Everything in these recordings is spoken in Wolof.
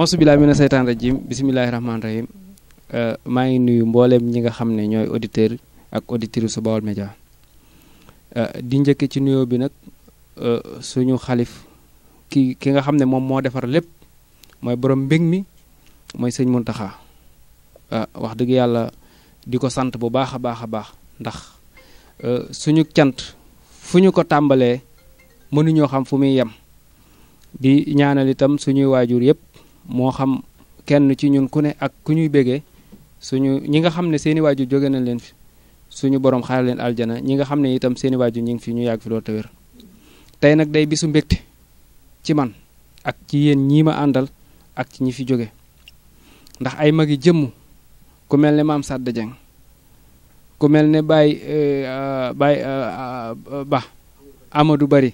onsu bilaay mina seytaan rajim bisimilahi rahmaani rahim uh, maa ngi nuyu mbooleem ñi nga xam ne ñooy auditeur ak auditrice su Baol Média uh, di njëkk ci nuyo bi nag uh, suñu xalif ki ki nga xam ne moom moo defar lépp mooy borom mbég mi mooy sëñ mun Muntaxa ah, wax dëgg yàlla di ko sant bu baax a baax a baax ndax euh, suñu cant fu ñu ko tàmbalee mënuñoo xam fu muy yem di ñaanal itam suñuy waajur yëpp moo xam kenn ci ñun ku ne ak ku ñuy bégee suñu ñi nga xam ne seeni waajur jóge nañ leen fi suñu borom xaaral leen aljana ñi nga xam ne itam seeni waajur ñu ngi fi ñu yàgg fi loolu te tey nag day bisu mbégte ci man ak ci yéen ñii ma àndal ak ci ñi fi jóge ndax ay mag magi jëmm ku mel ne maam Sadda Dieng ku mel ne Baye euh, Baye euh, Ba ama du Bari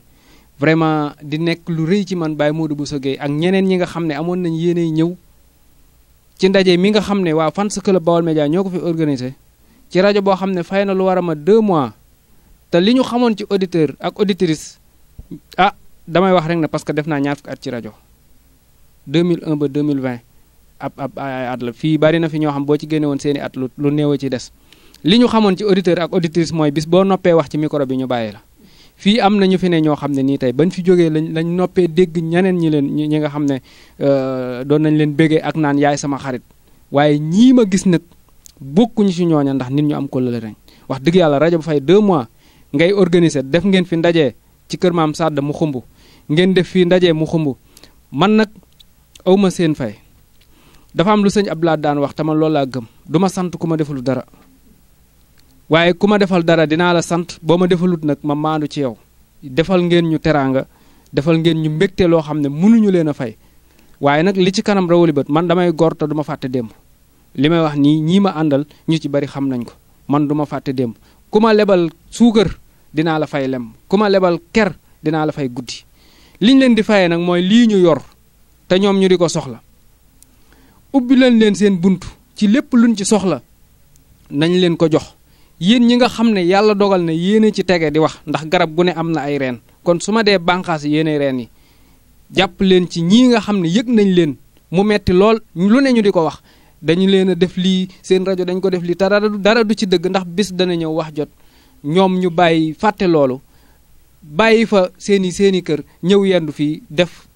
vraiment di nekk lu rëy ci man Baye Modou Bousso Gueye ak ñeneen ñi nga xam ne amoon nañ yéenay ñëw ci ndaje mi nga xam ne waa fans club Baol Média ñoo ko fi organisé ci rajo boo xam ne fay na lu war a ma deux mois te li ñu xamoon ci auditeur ak auditrice ah damay wax rek na parce que def naa ñaar fukki at ci rajo 2001 ba 2020 ab ab ay at la fii bari na fi ñoo xam boo ci génne woon seeni at lu lu néew ci des li ñu xamoon ci auditeur ak auditrice mooy bis boo noppee wax ci micro bi ñu bàyyi la fii am na ñu fi ne ñoo xam ne nii tey bañ fi jógee lañ lañ noppee dégg ñeneen ñi leen ñi nga xam ne euh, doon nañ leen bégee ak naan yaay sama xarit waaye ñii ma gis nag bokkuñu ci ñooña ndax nit ñu am ko la rek wax dëgg yàlla rajo bu fay deux mois ngay organiser def ngeen fi ndaje ci kër maam Sadda mu xumb ngeen def fii ndaje mu xumb man nag awma seen fay dafa am lu sëñ ab laa daan wax tama loolu laa gëm du sant ku ma defalu dara waaye ku ma defal dara dinaa la sant boo ma defalut nag ma maandu ci yow defal ngeen ñu teraanga defal ngeen ñu mbégte loo xam ne mënuñu leen a fay waaye nag li ci kanam rawali man damay gor te du fàtte démb li may wax nii ñii ma àndal ñu ci bari xam nañ ko man du ma fàtte démb ku ma lebal suukar dinaa la fay lem ku ma lebal ker dinaa la fay guddi liñ leen di fayee nag mooy lii ñu yor te ñoom ñu di ko soxla ubbi leen leen seen bunt ci lépp luñ ci soxla nañ leen ko jox yéen ñi nga xam ne yàlla dogal na yéene ci tege di wax ndax garab gu ne am na ay reen kon su ma dee bànqaas yéene reen yi jàpp leen ci ñii nga xam ne yëg nañ leen mu metti lool lu ne ñu di ko wax dañu leen a def lii seen rajo dañ ko def lii te dara du ci dëgg ndax bés dana ñëw wax jot ñoom ñu bàyyi fàtte loolu bàyyi fa seeni seeni kër ñëw yendu fii def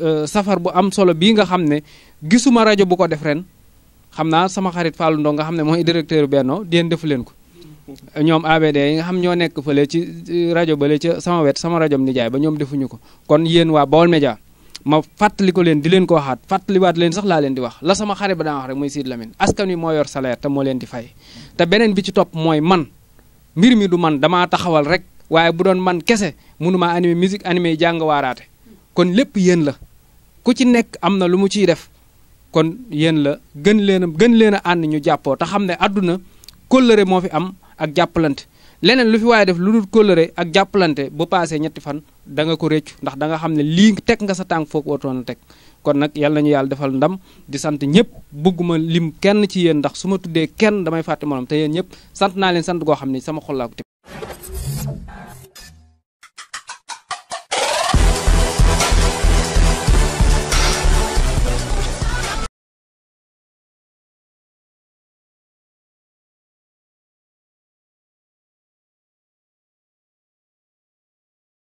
euh, safar bu am solo bii nga xam ne gisuma rajo bu ko def ren xam naa sama xarit Fallou Ndong nga xam ne mooy directeur Benno déen defu leen ko ñoom ABD yi nga xam ñoo nekk fa fële ci rajo ba bale ca sama wet sama rajom nijaay ba ñoom defuñu ko kon yéen waa Baol Média ma fàttali ko leen di leen ko waxaat fàttaliwaat leen sax laa leen di wax la sama xarit ba daan wax rek mooy Sidy Lamine askan wi moo yor moo leen di fay te beneen bi ci topp mooy man mbir mi du man damaa taxawal rek waaye bu doon man kese mënumaa animé musique animé jàng waaraate kon lépp yéen la ku ci nekk am na lu mu ciy def kon yéen la gën leen a gën leen a ànd ñu jàppoo te xam ne àdduna kóllëre moo fi am ak jàppalante leneen lu fi waaye def lu dul kóllëre ak jàppalante bu paasee ñetti fan da nga ko réccu ndax da nga xam ne lii teg nga sa tànk foog waroon a teg kon nag yàlla nañu yàlla defal ndam di sant ñëpp bëgguma lim kenn ci yéen ndax su ma tuddee kenn damay fàtte moom te yéen ñëpp sant naa leen sant goo xam ne sama xol